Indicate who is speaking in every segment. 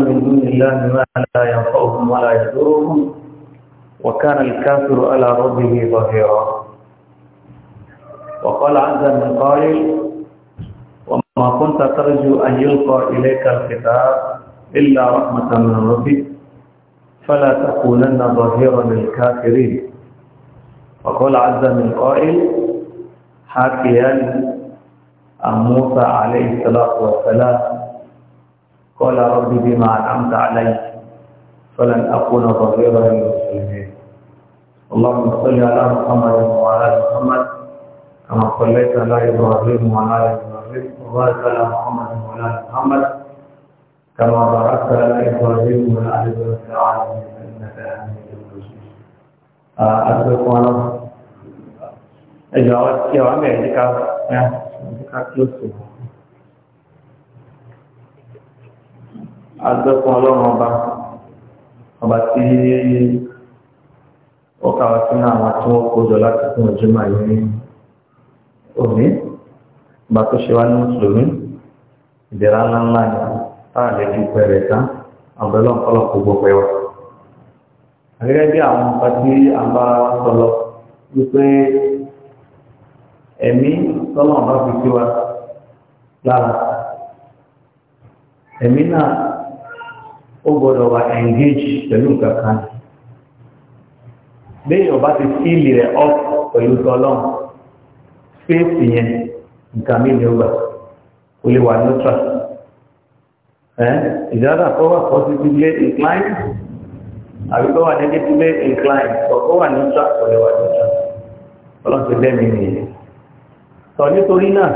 Speaker 1: من دون الله ما لا ينفعهم ولا يضرهم وكان الكافر على ربه ظهيرا وقال عز من قائل وما كنت ترجو أن يلقى إليك الكتاب إلا رحمة من ربك فلا تكونن ظهيرا للكافرين وقال عز من قائل حاكيا عن موسى عليه الصلاة والسلام قال رب بما أنعمت علي فلن أكون ظهيرا للمسلمين اللهم صل على محمد وعلى آل محمد كما صليت على إبراهيم وعلى آل إبراهيم وبارك على محمد وعلى آل محمد كما باركت على إبراهيم وعلى آل إبراهيم إنك حميد مجيد أسرق آه، أنا إجابة كيف عمل ذكر ذكر agbẹ́kùn ọlọ́run ọba ọba tí ó kàwé sínú àwọn tí wọ́n kójọ láti fún ìjọba yìí ní òní ìgbà tó ṣe wá ní mùsùlùmí ìdẹ̀ra ńláńlá ni táà lè ju pẹ̀rẹ̀ tán àwọn ọlọ́nkọ́lọ́ kò gbọ́ pẹ̀wà. gẹ́gẹ́ bí àwọn nǹkan tí a bá sọlọ wípé ẹ̀mí tọ́lọ́ bá fi sí wa lára ẹ̀mí náà ó gbọ́dọ̀ wà engage pẹ̀lú nǹkan kan léyìn ọba ti fíìlì rẹ̀ up pẹ̀lú tọ́lọ́m space yẹn nǹkan mi ni ó gbà ó lè wà neutral ìdáradà kọ́ wà positively inclined àbí kọ́ wà negatively inclined kọ́ wà neutral kọ́ lè wà neutral ọlọ́run ti lẹ́mìí nìyẹn sọ nítorí náà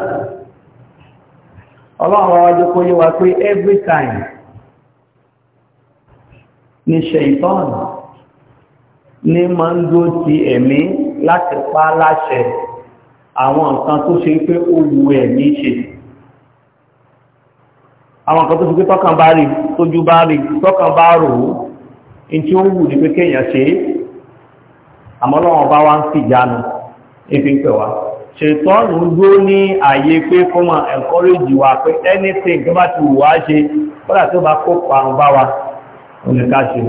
Speaker 1: ọlọ́run wájú kó yé wa pé every time ní ṣẹ̀ìtọ́n ní máa ń dó ti ẹ̀mí láti pa láṣẹ àwọn nǹkan tó ṣe pé ó wu ẹ̀mí ṣe àwọn nǹkan tó ṣe pé tọ́kàn bá rí tójú bá rí tọ́kàn bá rò ó in tí ó wù ní pé kéèyàn ṣe é àmọ́ lọ́wọ́n bá wá ń sì jánu ifi ń pẹ̀ wá ṣètọ́nù dúró ní ààyè pé kọ́mọ encourage wa pé anything tó bá ti wù wá ṣe kọ́dà tó bá kópa ń bá wa oníkáṣe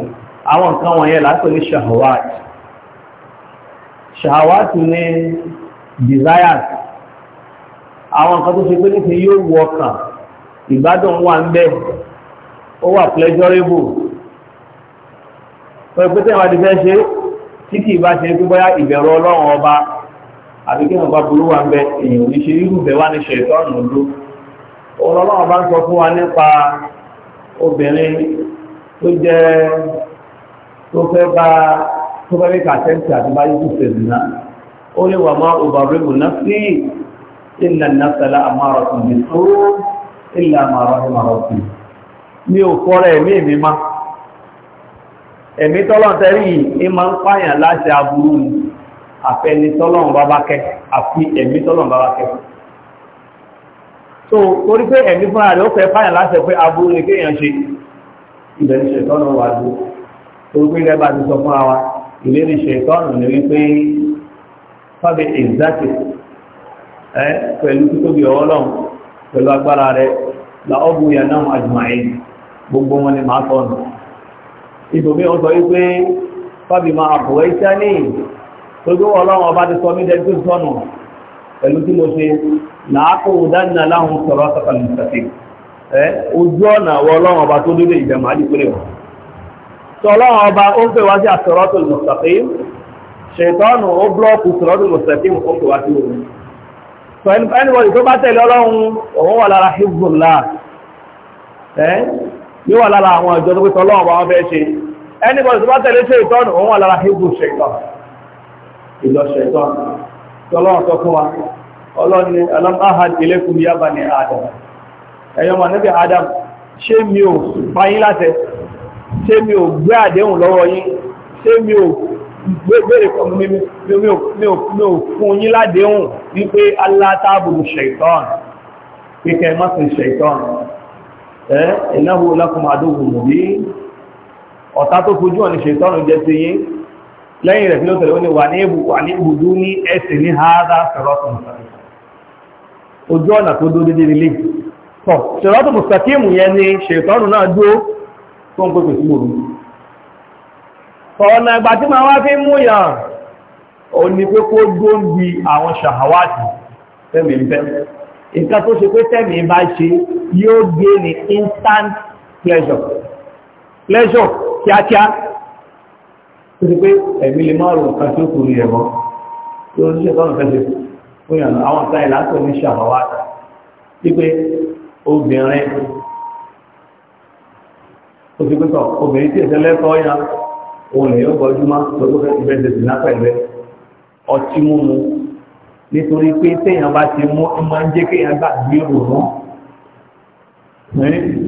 Speaker 1: àwọn nǹkan wọ̀nyẹn látò ní shahawat shahawat ní desires àwọn nǹkan tó ṣe pé ní ti yóò wọ ọkàn igbadun wa ń bẹ ó wà pleasurable pẹ̀lú pé wa di fe se tiki kì ba se ṣe gbígbọ́ ọba àbí kí wọn bá burú wà ń bẹ èèyàn ní ṣe ọba ń sọ fún wa tó jẹ́ tó fẹ́ bá tó fẹ́ bí kàtẹ́ǹtì àti bá yíkú fèrè náà ó lè wà máa òbàrẹ́ mù náà sí ìlànà náà sẹ́lá àmàrà tó lè tó ìlà àmàrà àmàrà tó mi ò fọ́rọ̀ ẹ̀mí mi má ẹ̀mí tọ́lọ́ntẹ́rì yìí máa ń pààyàn láti aburú ni àfẹni tọ́lọ́run bá bá àfi ẹ̀mí tọ́lọ́run bá bá kẹ́ torí pé ẹ̀mí fúnra rẹ̀ ó fẹ́ fáyàn láti ẹ̀ pé aburú ni kéèyàn ṣe ibẹ̀ ní ṣètọ́nù wà dùn orúkọ ilẹ̀ bá ti sọ fún wa ìlérí ṣètọ́nù ní wípé fábí ìzáàtì ẹ pẹ̀lú títóbi ọlọ́run pẹ̀lú agbára rẹ la ọ́ bùyà náà àjùmáyé gbogbo wọn ni màá tọ̀nù ibòmí wọn sọ wípé fábí máa bọ̀ ẹ́ sẹ́ni gbogbo ọlọ́run ọba ti sọ mí dẹ́gbẹ́ tọ̀nù pẹ̀lú tí mo ṣe làákò dánilá láhùn sọ̀rọ̀ sọ̀kàlùmùsàtì ojú ọ̀nà àwọn ọlọ́run ọba tó dédé ìjẹmà àdìpínlẹ̀ wọn tó ọlọ́run ọba ó ń pè wá sí àsọ̀rọ̀tò mustaqim ṣètọ́nù ó blọ́ọ̀kù sọ̀rọ̀tò mustaqim ó pè wá sí òun so anybody tó bá tẹ̀lé ọlọ́run òun wà lára hezbollah yóò wà lára àwọn ìjọ tó pé tọ́lọ́run ọba wọn fẹ́ ṣe anybody tó bá tẹ̀lé ṣètọ́nù òun wà lára hezbo ṣètọ́n ìjọ ṣètọ́n ẹ̀yọ́ ma níbi adam ṣé mi ò fáyín láti ṣé mi ò gbé àdéhùn lọ́wọ́ yín ṣé mi ò gbére kọ́ mi ò fún yín ládéhùn wípé alátàbùrù ṣẹ̀tọ́n kíkẹ́ mọ́sí ṣẹ̀tọ́n ẹ́ ìnáwó lákùnmàdógún mọ̀bí ọ̀tá tó fojú ọ̀nà ṣẹ̀tọ́n jẹ́ sí yín lẹ́yìn rẹ̀ fílọ́tẹ̀lẹ̀ tọ̀ ṣèrọ́tù mùsàkímù yẹn ni ṣètọ́nù náà dúó tó ń pèpè sí òru ọ̀nà ìgbà tí ma wá fi mú yàn ò ní pé kó gbóǹdì àwọn ṣàhàwátì tẹ́mì ń tó ṣe pé tẹ́mì bá ṣe yóò gbé ní instant pleasure pleasure kíákíá tó ṣe pé ẹ̀mí lè máa rò nǹkan tí ó kò rí ẹ̀mọ́ tó ṣe obìnrin ó ti pẹ́tọ̀ obìnrin tí ìṣẹ́lẹ̀ kọ́ ya òun lè yóò gbọ́júmá lọ́gbọ́ fẹ́ ti bẹ́ẹ̀ ṣe sìnà pẹ̀lẹ́ ọtí múmu nítorí pé téèyàn bá ti mú ẹ máa ń jẹ́ kéèyàn gbà gbé rò mọ́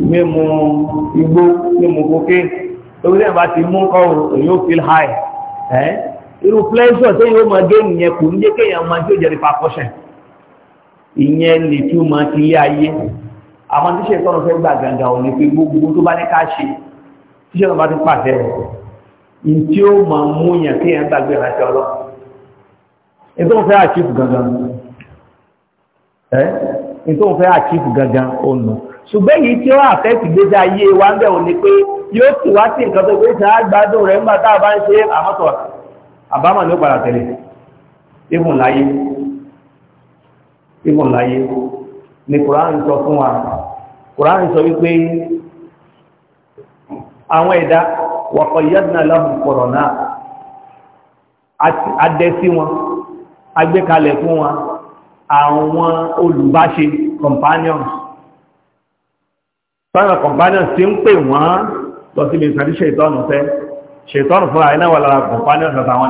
Speaker 1: mímu igbó mímu kókè lórí téèyàn bá ti mú kọ́ òyìn ó feel high irú pleasure téèyàn ó máa gé nìyẹn kò ní jẹ́ kéèyàn máa jó jẹ́rìí pa kọ́ṣẹ̀ ìyẹn lè tún máa ti lé ayé àwọn tíṣẹ́ tọ́nà fẹ́ gbà gàǹgà ò ní pé gbogbo tó bá ní ká ṣe tíṣẹ́ tọ́nà bá ti pàṣẹ rẹ̀ ní tí ó mọ̀ mú yàn kí yàn gbàgbé ìrántí ọlọ́ ètò òun fẹ́ àchífù gangan ẹ́ ètò òun fẹ́ àchífù gangan ònà ṣùgbẹ́ yìí tí ó àfẹ́ ti gbé já yé wa ń bẹ̀ òní pé yóò tì wá sí nǹkan tó gbé ṣe àgbádùn rẹ̀ nígbà tá a bá ń ṣe àmọ́tọ̀ àbámọ̀ ní ó padà tẹ̀lé ìhùn láyé ni Kùránì sọ fún wa kùránì sọ wípé àwọn ẹ̀dá wọ̀kọ̀yẹ́dìnà lọ́hùn kọ̀rọ̀ náà adẹ́sí wọn agbékalẹ̀ fún wọn àwọn olùbáṣe companions sọ́nà companions ti ń pè wọ́n lọ sí lè sàrí ṣètọ́nù fẹ́ ṣètọ́nù fún àìná wà lára companions àtàwọn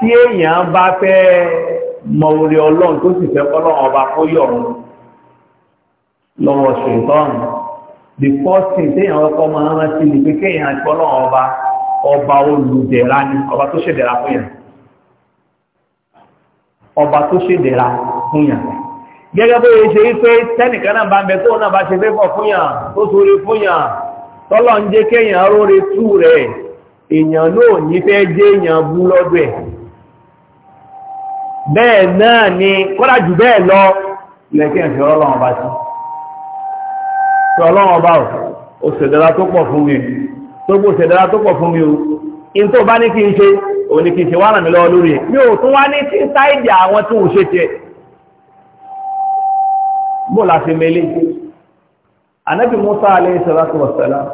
Speaker 1: tí èèyàn bá fẹ́ mọ orí ọlọ́run tó sì fẹ́ kọ́lọ́run ọba kó yọ̀run lọ́wọ́ ṣèǹtọ́nù the first thing téèyàn ọkọ̀ máa ń rántí ni pé kéèyàn àti ọba ọba olùdẹ̀ra ni ọba tó ṣèdẹ̀ra fún yàn ọba tó ṣèdẹ̀ra fún yàn gẹ́gẹ́ bó ṣe rí pé tẹ́nìkan náà bá ń bẹ tóun náà bá ṣe fẹ́fọ̀ fún yàn tó sórí fún yàn tọ́lọ́ bẹ́ẹ̀ náà ni kọ́lá jù bẹ́ẹ̀ lọ lẹ́kẹ́ ìfẹ́ ọlọ́run ọba sí tí ọlọ́run ọba ò ṣẹ̀dára tó pọ̀ fún mi tó gbò ṣẹ̀dára tó pọ̀ fún mi o in tó bá ní kí n ṣe ò ní kí n ṣe wà nàmì lọ́wọ́ lórí mi ò tún wá ní sí sáìdì àwọn tí ò ṣe tiẹ̀ bó la ṣe mẹ́lẹ́ anábì Musa alayhi salatu wassalam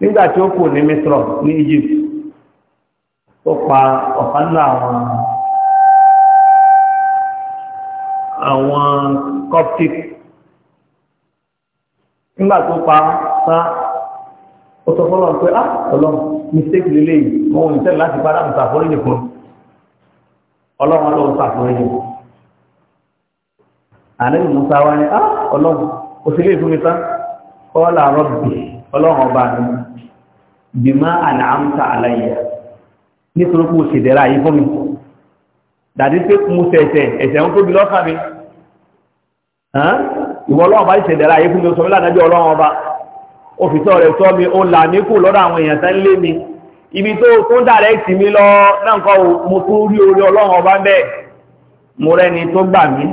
Speaker 1: nígbà tí ó kù ní Misra ní Egypt ó pa ọ̀kan nínú àwọn àwọn coptic nígbà tó pa sá ó sọ fọ́lọ́ pé á ah, ọlọ́run mistake lélẹ̀ yìí wọ́n ń tẹ̀lé láti padà ń ṣàforíjì fún ọlọ́run ló ń ṣàforíjì àníbi musa wá ní á ah, ọlọ́run ó sì lè fún mi tán kọ́lá rọ́bì ọlọ́run ọba mi bìmá àlàámta àlàyé nítorí pé òṣèdẹ̀rà yìí fún mi dàdí pé mo sẹ̀ẹ̀sẹ̀ ẹ̀sẹ̀ ń tóbi lọ́kà mi ìwọ ọlọ́run bá ìṣẹ̀dẹ̀rà yìí fún mi sọmílà náà jẹ́ ọlọ́run ọba òfìsọ́ rẹ̀ sọ mi o là mí kù lọ́dọ̀ àwọn èèyàn tán lé mi ibi tó tó dàrẹ́ẹ̀tì mi lọ náà kọ́ mo tún rí orí ọlọ́run ọba bẹ́ẹ̀ mo rẹ́ni tó gbà mí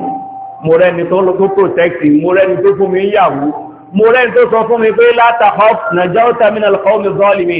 Speaker 1: mo rẹ́ni tó protect mo rẹ́ni tó fún mi ń yàwó mo rẹ́ni tó sọ fún mi pé látàkọ́ nàìjọ́ tàmínà lọ́kọ́ mi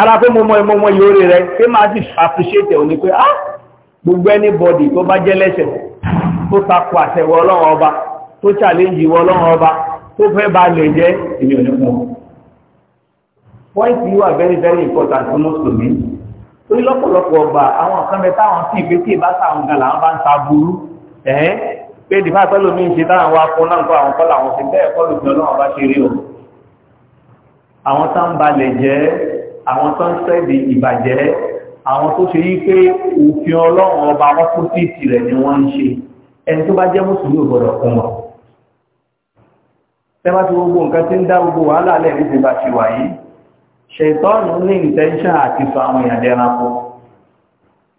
Speaker 1: ara pé mo mọ ìmọ̀ rẹ̀ pé máa ti appreciate òní pé ah gbogbo anybody tó bá jẹ́ lẹ́sẹ̀ tó takò àtẹ̀wọ̀ ọlọ́run ọba tó challenge ìwọ ọlọ́run ọba tó fẹ́ bá lè jẹ́ èmi point yìí wà very very important fún mùsùlùmí torí lọ́pọ̀lọpọ̀ ọgbà àwọn kan bẹ táwọn sì pé tí ìbá sáwọn gan làwọn bá ń sa burú ẹ̀hẹ́n pé dìbà pẹ́lú mi ń ṣe táwọn wa fún náà kọ́ àwọn kọ́ làwọn fi bẹ́ẹ̀ kọ́ lùfẹ́ ọlọ́run ọba balẹ̀ jẹ́ àwọn tó ń sẹ́ẹ̀dì ìbàjẹ́ àwọn tó ṣe yí pé òfin ọlọ́run ọba wọn kú sí ìtìrẹ̀ ni wọ́n ń ṣe ẹni tó bá jẹ́ mùsùlùmí ò gbọ́dọ̀ fún wọn. tẹ́wá ti gbogbo nǹkan tí ń dá gbogbo wàhálà lẹ̀ ní ti bá ṣe wà yìí ṣètọ́nù ní intention àti sọ àwọn èèyàn dẹranko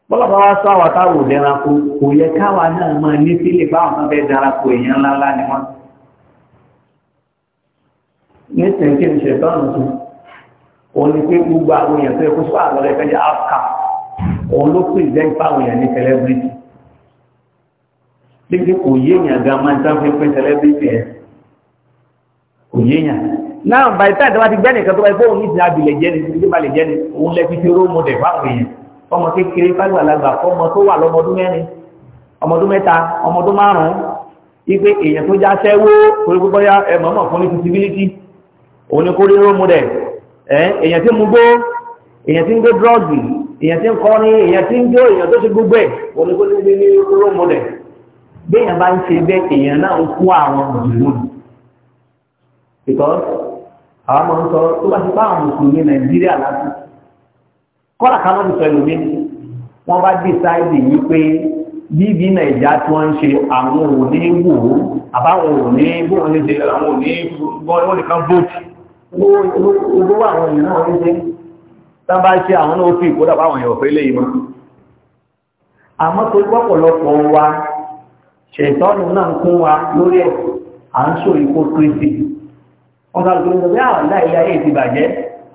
Speaker 1: bọ́lá wá sọ àwọn táwọn dẹranko kò yẹ káwa náà máa ní sílẹ̀ báwọn kan fẹ́ dẹranko èèyàn ńláńlá ni wọ́n. nísìnyí kí ṣètọ́nù tún òun ni pé gbogbo àwọn èèyàn tó yẹ kó sọ àlọ́lẹ̀ ẹ̀fẹ́ jẹ́ áfíkà òun ló pè jẹ́ ipa àwọn èèyàn ní celebrity lébi kò yé èèyàn gan máa ń tán fi pín celebrity ẹ̀ kò yé èèyàn náà bàyí táà tí wọ́n ti gbẹ́nìkan tó báyìí fóun ní ti abilẹ̀ jẹ́ ni ti balẹ̀ jẹ́ ni òun lẹ fi fi ró mo dẹ̀ fáwọn èèyàn ọmọ kékeré fáwọn àlàgbà fọmọ tó wà lọ́mọdún mẹ́rin ọmọdún mẹ́ta ipe èèyàn tó já sẹ́wó torí gbogbo ya ẹ̀mọ́mọ̀ fún ní fisibility òun èèyàn tí mú gbó èèyàn tí ń gbé drọ́ọ̀gì èèyàn tí ń kọ́ ní èèyàn tí ń jó èèyàn tó ṣe gbogbo ẹ̀ oníkóní ní ní ró mọ́dẹ̀ bí èèyàn bá ń ṣe bẹ́ẹ̀ èèyàn náà ń kú àwọn mùsùlùmí because àwọn máa ń sọ tó bá ti bá àwọn mùsùlùmí nàìjíríà láti kọ́là ká lọ́dún sọ ìlúmi wọ́n bá dísáìdì wípé bíbí nàìjà tí wọ́n ń ṣe àwọn òní wò àbáwọn òní bóun ní ṣe àwọn òní gbogbo àwọn èèyàn náà ń ṣe tán bá ṣe àwọn náà fi ìkódà báwọn èèyàn fẹ́ léyìn mọ́ àmọ́ tó gbọ́pọ̀lọpọ̀ wa ṣètọ́nù náà kún wa lórí ẹ̀ à ń ṣò ikó kristi wọ́n ká lóko lóko bí àwọn ah, láìlá yìí ti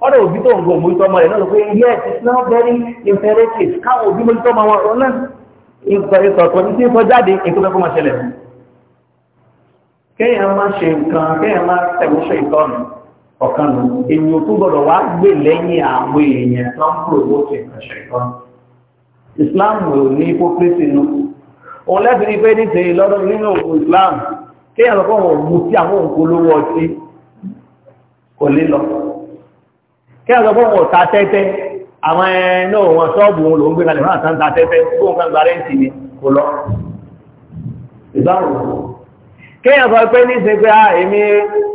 Speaker 1: it's not very imperative káwọn òbí mójútó ọmọ wọn náà ìtọ̀tọ̀ ní tí ń sọ jáde ètò mẹ́kọ́ máa ṣẹlẹ̀ kéèyàn máa ṣe nǹkan kéèyàn máa tẹ̀wọ́ ìtọ́nù ọ̀kan nù ènìyàn tó gbọ́dọ̀ wá gbè lẹ́yìn àwọn èèyàn tó ń pò owó tó ìkànṣẹ́ ìkan Islam ò ní hypocrisy nù òun lẹ́sìn ní pé níṣẹ́ lọ́dọ̀ nínú òkú Islam kéèyàn lọ́kọ́ wọn mú sí àwọn òǹkó lówó ọtí kò lè lọ kéèyàn lọ́kọ́ wọn ta tẹ́tẹ́ àwọn ẹ̀ẹ́nà wọn ṣọ́ọ̀bù wọn lòún gbé kalẹ̀ fún àtàntà tẹ́tẹ́ tó ń gbarẹ́ ń sì kò lọ Islam kéèyàn sọ pé níṣẹ́ pé ah, èmi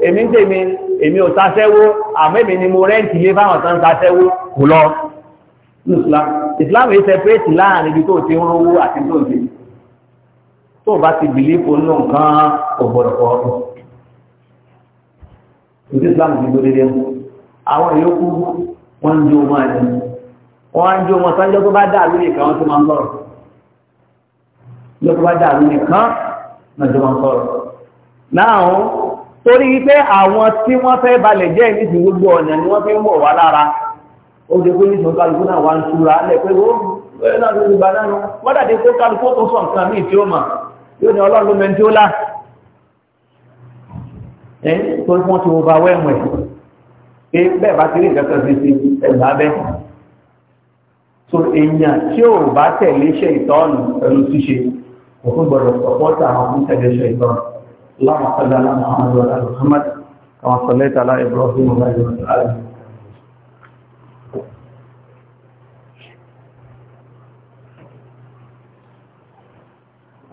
Speaker 1: èmi ń tèmi èmi ò sáṣẹ́wó àmẹ́mì ni mo rẹ́ǹtì lé fáwọn tán sáṣẹ́wó kò lọ islam islam yìí sẹpẹ́rẹ́tì láàrin ibi tó ti ń rówó àti tó ti tó bá ti bìlí fún nù nǹkan ọ̀gbọ̀dọ̀kọ̀ ọ̀rọ̀ ìdí islam ti gbé dédé mú àwọn ìyókù wọn ń jó wọn ẹni wọn ń jó wọn sanjọ́ tó bá dà lórí ìkan tó máa ń sọ̀rọ̀ lọ́tọ́ bá dà lórí ìkan náà tó máa ń sọ̀rọ̀ náà torí wípé àwọn tí wọ́n fẹ́ balẹ̀ jẹ́ ìrísí gbogbo ọ̀nà ni wọ́n fi ń wọ̀ wá lára ó ṣe pé nítorí kálukú náà wá ń túra lẹ̀ pé ó bẹ́ẹ̀ náà ló ti gbà náà wọ́n dàdé pé kálukú tó sọ nǹkan míì tí ó mà yóò ní ọlọ́run ló mẹ́ni tí lá ẹ̀ torí wọ́n ti wọ́n bá wẹ́ẹ̀mù ẹ̀ pé bẹ́ẹ̀ bá ti rí ìkẹ́kẹ́ sí ti ẹ̀gbá bẹ́ẹ̀ اللهم صل على محمد وعلى ال محمد كما صليت على ابراهيم وعلى ال ابراهيم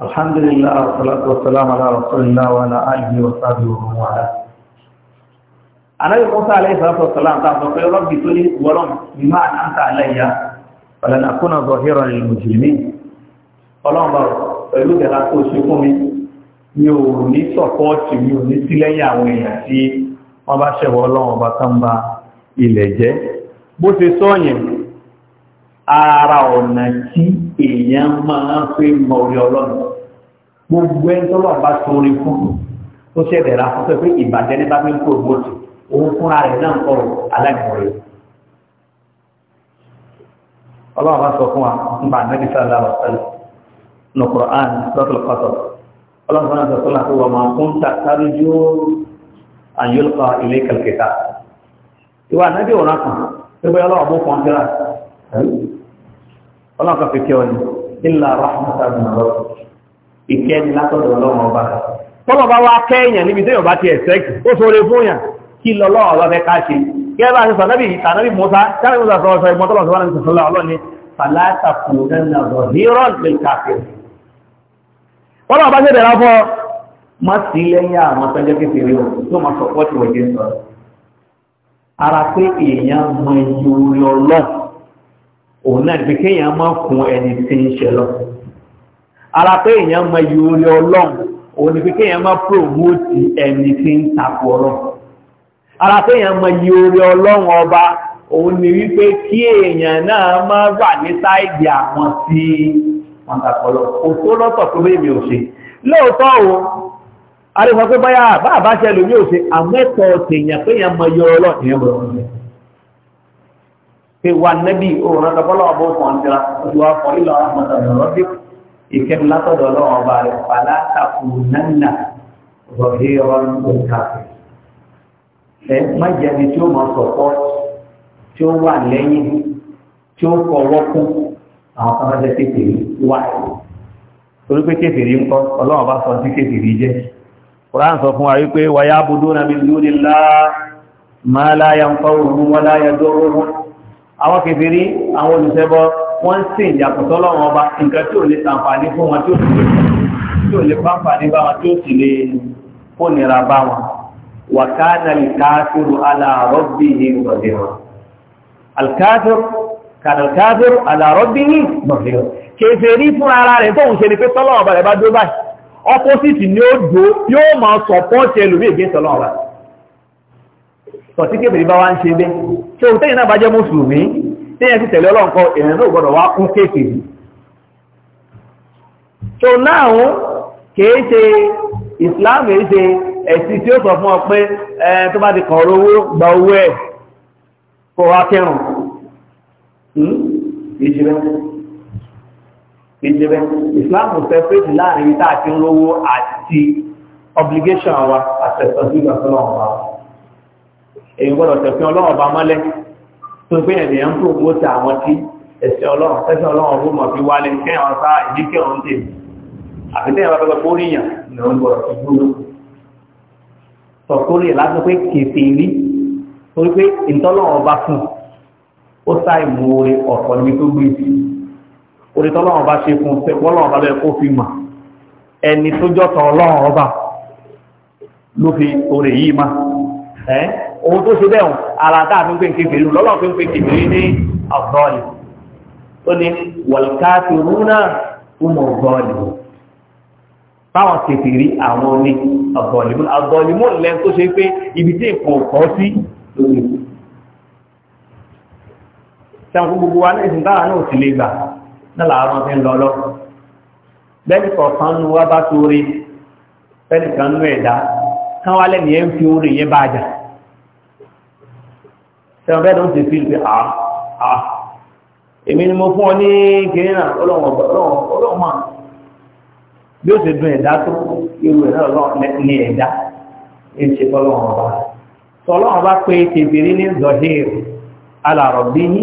Speaker 1: الحمد لله والصلاة والسلام على رسول الله وعلى آله وصحبه ومن والاه النبي موسى عليه الصلاة والسلام قال ربي تولي ولم بما أنعمت علي فلن أكون ظهيرا للمجرمين ọlọ́run bá pẹ̀lú ìdẹ̀ra tó ṣe fún mi ò ní sọ̀pọ́ọ̀tì mi ò ní sí lẹ́yìn àwọn èèyàn tí wọ́n bá ṣẹ̀wọ̀ ọlọ́run ọba tán bá ilẹ̀ jẹ́ bó ṣe sọ́yìn ara ọ̀nà tí èèyàn máa ń fi mọ orí ọlọ́run gbogbo ẹni tó lọ́ọ̀ bá torí fún tó ṣe bẹ̀rẹ̀ afọ́fẹ́ pé ìbàjẹ́ ní bá fi ń kó ògbóòtù òun fúnra rẹ̀ náà ń kọ̀rọ̀ aláìmọ̀rẹ́ ọlọ́run bá sọ fún wa nípa ànábìsà aláwọ̀ sẹ́lẹ̀ nù Kùránì lọ́tọ̀lọ́pàtọ̀ ọlọ́run náà sọ́nà tó wà máa kún tàbí jó àyọ́lọ́pàá ilé kẹlkẹta ìwà ànábì ọ̀rán kan tó bẹ́ ọlọ́wọ́ bó kan jẹ́ra ọlọ́run kan fi kẹ́ ọ ní ilà rahmatan ọ̀rọ̀ ìkẹ́ ni látọ̀dọ̀ ọlọ́run ọba tọ́lọ̀ bá wá kẹ́yìn níbi tẹ́yọ̀ bá ti ẹ̀sẹ̀ ó sọ orí fún yàn kí lọ́lọ́run ọba fẹ́ ká ṣe gẹ́gẹ́ bá ṣe sànábì tànábì mọ́sá tànábì mọ́sá sọ ọ̀sọ̀ ìmọ́tọ́lọ̀ sọ́wọ́n ní sọ̀sọ́lá ọlọ́ni fàlátàkùnrin náà rọ̀ hírọ̀ lè kàfẹ́ kọ́lọ̀ bá jẹ́ dẹ̀ra fọ́ má lẹ́yìn àwọn tọ́jọ́ tó máa sọ sọ ara pé èèyàn mọ òun náà bí kéèyàn ẹni tí ń ṣe lọ ara pé èèyàn mọ òun kéèyàn ẹni tí ń ara pé èèyàn mọ ọba òun ni wípé kí èèyàn náà máa wà ní sáìdì àwọn wọn tàkọlọ òtó lọ́tọ̀ tó bẹ́ẹ̀ mi ò ṣe lóòótọ́ o arẹ́fọ́ pé báyà bá àbáṣẹ lómi ò ṣe àmẹ́tọ̀ tèèyàn pé yẹn mọ yọ ọlọ́ ìyẹn bọ̀ ọ́n ṣe pé wà nẹ́bí òun ọ̀dọ́fọ́lọ́ ọ̀bọ̀ fọ̀n tira olùwà fọ̀ ìlọ àmọ̀tọ̀ ọ̀rọ̀ bí ìkẹ́mi látọ̀dọ̀ ọlọ́wọ́ ọba rẹ̀ fàlá takù nánà rọ̀hí ọ̀rọ̀ nǹkan ẹ má jẹ́bi tí ó mọ̀ sọ̀pọ̀ tí ó wà lẹ́yìn tí ó kọ̀ wọ́kùn àwọn kan jẹ́ kéfèrí wà torí pé kéfèrí ń kọ́ ọlọ́run bá sọ sí kéfèrí jẹ́ Quran sọ fún wa wípé wáyá budú na min dúrí lá máa láyà ń fọ́rùn wọn láyà dọ́rùn àwọn kéfèrí àwọn olùṣẹbọ wọ́n sì ìyàpọ̀tọ́ lọ́wọ́ ọba nǹkan tí ò lè ṣàǹfààní fún wọn tí ò kàdàkáfíìrù àlàrọ́bí ní mọ̀fíìrù kèfèrí fún ara rẹ̀ tóhun ṣe ni pé tọ́lọ̀ ọba rẹ̀ bá dó báyìí ọpọ́sìtì ni ó dó yóò máa sọ̀pọ́ọ̀tì ẹlòmí ìgbé tọ́lọ̀ ọba tọ̀tí kèfèrí bá wá ń ṣe bẹ́ ṣe òun tẹ́yìn náà bá jẹ́ mùsùlùmí tẹ́yìn sì tẹ̀lé ọlọ́nkọ tí ó sọ fún ọ pé tó bá ti kọ̀ọ̀rọ̀ owó gba owó ẹ̀ kó kẹrùn-ún ìjìnlẹ̀ ìjìnlẹ̀ islam separate láàrin ìta àti olówó àti obligation wa àtẹ̀sọ́ sí wa èyí gbọ́dọ̀ tẹ̀fẹ́ ọlọ́run ọba mọ́lẹ̀ tó gbé ẹ̀dẹ̀ ń promote àwọn tí ẹ̀sẹ̀ ọlọ́run tẹ́sẹ̀ ọlọ́run ọdún mọ̀ fi wálé kẹ́hàn sá ìdíkẹ́ ọ̀hún tè àfitẹ́ ìwà pẹ́pẹ́ kórìyàn ní ọ̀hún gbọ́dọ̀ fi dúró sọ kórìyàn láti ó sáì mú orí ọ̀pọ̀ níbi tó gbé sí orí tọ́lọ́wọ́n bá ṣe fún tẹ́pọ́lọ́wọ́n bá lẹ́ẹ̀ kó fi mà ẹni tó jọ́tọ̀ ọlọ́run ọba ló fi orí yìí mà ẹ́ ohun tó ṣe bẹ́ẹ̀ ara dáàfin pé kékeré lọ́lọ́ fi ń pe kékeré ní ọ̀gọ́ọ̀lì ó ní wọ̀lùkáàtì rúnà fúnmọ̀ ọ̀gọ́ọ̀lì báwọn kékeré àwọn ní ọ̀gọ́ọ̀lì mú ọ̀gọ́ọ̀lì mú lẹ́nu tó ṣe pé ibi tí nǹkan ò kọ́ sí lórí ìlú sẹ́wọ̀n gbogbo wa náà ìsìn náà ti lè gbà náà làárọ̀ fi ń lọ bẹ́ẹ̀ni kọ̀ọ̀kan nu wá bá sóore bẹ́ẹ̀ni kan nú ẹ̀dá kán wá lẹ́nu yẹn fi oore yẹn bá jà sẹ́wọ̀n bẹ́ẹ̀ ló ń ti fi pé àá ah, àá ah, èmi ni mo fún ọ ní kiri ọba bá pé ní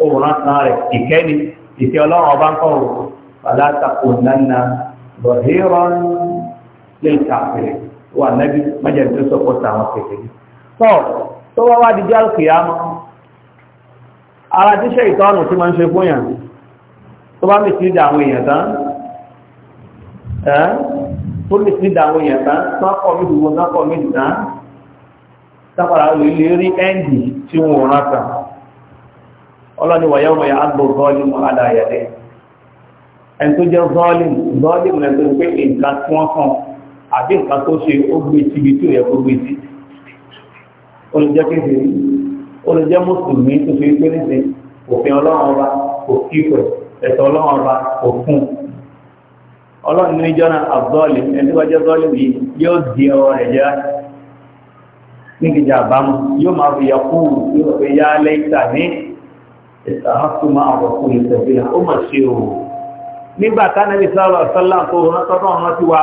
Speaker 1: òun rántan rẹ̀ ìkẹ́ni ìkẹ́ ọlọ́run ọba ń kọ́ òun fàlátàkù nánà bọ̀hírán lè kàfẹ́ wà nẹ́bí mẹ́jẹ̀ tó sọ́pọ̀ tàwọn kékeré tọ́ tó wá wá di jẹ́ àlùkìyámà ara tíṣẹ́ ìtọ́nù tí ma ń ṣe fún yàn tó bá mìtì dà àwọn ọlọ́ni wà yọ́mọ̀ yà ágbò zọ́ọ̀lìmù aláyàdẹ́ ẹn tó jẹ́ zọ́ọ̀lìmù zọ́ọ̀lìmù rẹ̀ tó pé nǹkan tí wọ́n kàn àbí nǹkan tó ṣe ó gbé síbi tí ó yẹ kó gbé sí olùjẹ́ kékeré olùjẹ́ mùsùlùmí tó fi pé níṣe òfin ọlọ́run ọba kò kí pẹ̀ ẹ̀tọ́ ọlọ́run ọba kò fún ọlọ́run ní jọ́nà àbọ́ọ̀lìmù ẹn tó bá jẹ́ zọ́ọ̀lìmù yìí yóò di ọwọ́ rẹ̀ àbámu yóò máa fi yà yóò fi yá lẹ́yìn tà ìtàhásùmá àwọ̀kú ìtẹ̀bílà ó mà ṣe o nígbà tánàbí sọ́rọ̀ sọ́lá tó rántọ́rọ̀ ọ̀rán sí wa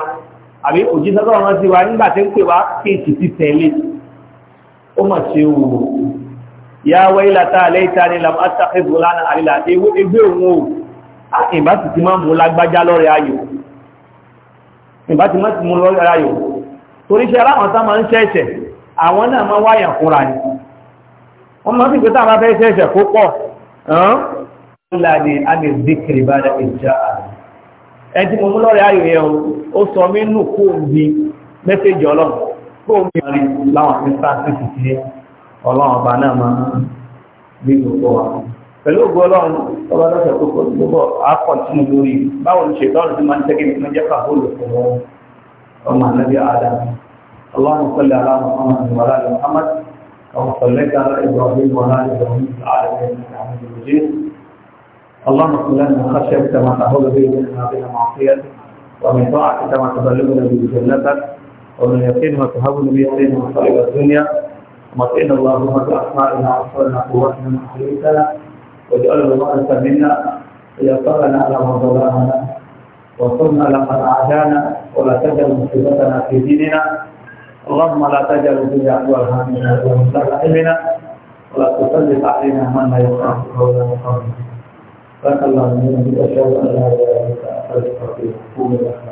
Speaker 1: àbí òjí sọ́rọ̀ ọ̀rán sí wa nígbà tí ń pè wá kéèkì ti tẹ̀lé ó mà ṣe o ya waylata laytani lam attakhidh ghulaman àrílà ewé òun o ìbá sì ti máa mú lágbájá lọ́rẹ̀ ayò ìbá ti máa mú lọ́rẹ̀ ayò torí ṣe aláwọn tá máa ń ṣẹ̀ṣẹ̀ náà máa Allah ni a lè zikiri bá dá ìjà ẹ tí mo mú lọ́rẹ̀ ayò yẹn ó sọ mí nù kó o di mẹ́sẹ̀jì ọlọ́run kó o mi rí láwọn instances ti ọlọ́run ọba náà máa bí gbogbo wa pẹ̀lú ògbó ọlọ́run ọba lọ́sẹ̀ tó kọ́ gbogbo àkọ̀tún lórí báwo ni ṣètọ́rùn tí máa ń tẹ́kẹ́ nípa jẹ́ pàbó lò fún ọmọ ànábì Adam Allahumma Muhammad أو صليت على إبراهيم وعلى إبراهيم في العالمين إنك حميد مجيد اللهم صل لنا من خشيتك ما تحول به بيننا وبين معصيتك ومن طاعتك ما تبلغنا به جنتك ومن يقين ما تهون به علينا مصائب الدنيا ومتعنا اللهم بأسمائنا وأبصارنا قوتنا من حديثنا واجعله الوارث منا ليطلنا على من ظلمنا وصلنا لقد أعدانا ولا تجعل مصيبتنا في ديننا اللهم لا تجعل الدنيا اكبر همنا ولا مبلغ علمنا ولا تسلط علينا من لا يخافك ولا يرحمنا بارك الله لنا واشهد ان لا اله الا انت استغفرك واتوب اليك